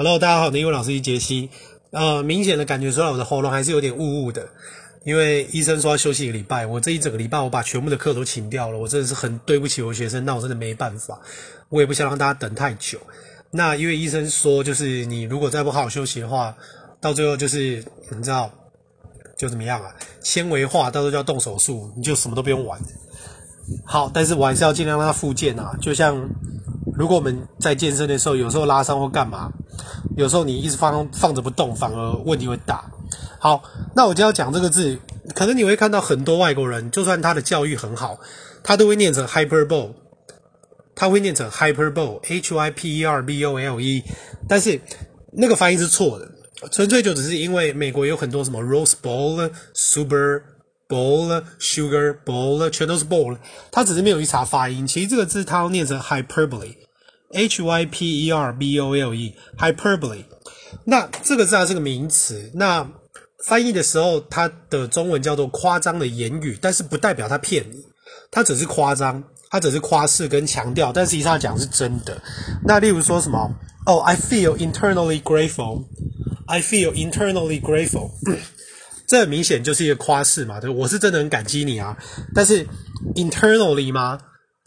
Hello，大家好，我是英文老師機傑西。呃，明顯的感覺出來，我的喉嚨還是有點霧霧的。因為醫生說要休息一個禮拜，我這一整個禮拜我把全部的課都請掉了。我真的是很對不起我的學生，那我真的沒辦法，我也不想讓大家等太久。那因為醫生說，就是你如果再不好好休息的話，到最後就是你知道就怎麼樣啊？纖維化，到時候就要動手術，你就什麼都不用玩。好，但是我還是要盡量讓它復健啊。就像如果我們在健身的時候，有時候拉傷或幹嘛。有時候你一直放放着不動，反而問題會大。好，那我就要講這個字，可能你會看到很多外國人，就算他的教育很好，他都會念成 hyperbole，他會念成 hyperbole，h y p e r b o l e，但是那個發音是錯的，純粹就只是因為美國有很多什麼 rose bowl，super bowl，sugar bowl 全都是 bowl，他只是沒有一查發音，其實這個字他要念成 hyperbole。H-y-p-e-r-b-o-l-e, Hyperbole，那這個字啊是個名詞，那翻譯的時候，它的中文叫做誇張的言語，但是不代表它騙你，它只是誇張，它只是誇飾跟強調，但實際上講的是真的。那例如說什麼？哦，oh，I feel internally grateful，I feel internally grateful， 這很明顯就是一個誇飾嘛，對，我是真的很感激你啊，但是 internally 嗎？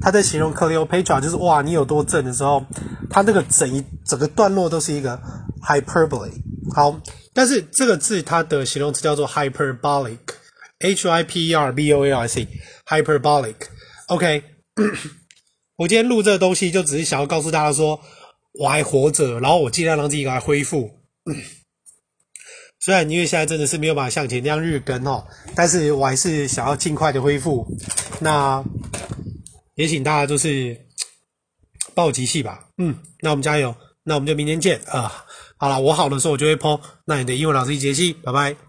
他在形容 Cleopatra 就是，哇，你有多正的時候，他那個整一整個段落都是一個 hyperbole。好，但是這個字它的形容詞叫做 hyperbolic，h i p e r b o l i c，hyperbolic。OK，咳咳。我今天錄這個東西就只是想要告訴大家說我還活着，然後我盡量讓自己來恢復。嗯。雖然因為現在真的是沒有辦法像以前那樣日更哦，但是我還是想要盡快的恢復。那。也請大家就是暴擊繫吧，嗯，那我們加油，那我們就明天見啊、呃。好啦，我好的時候我就會 po，那你的英文老師機傑西，拜拜。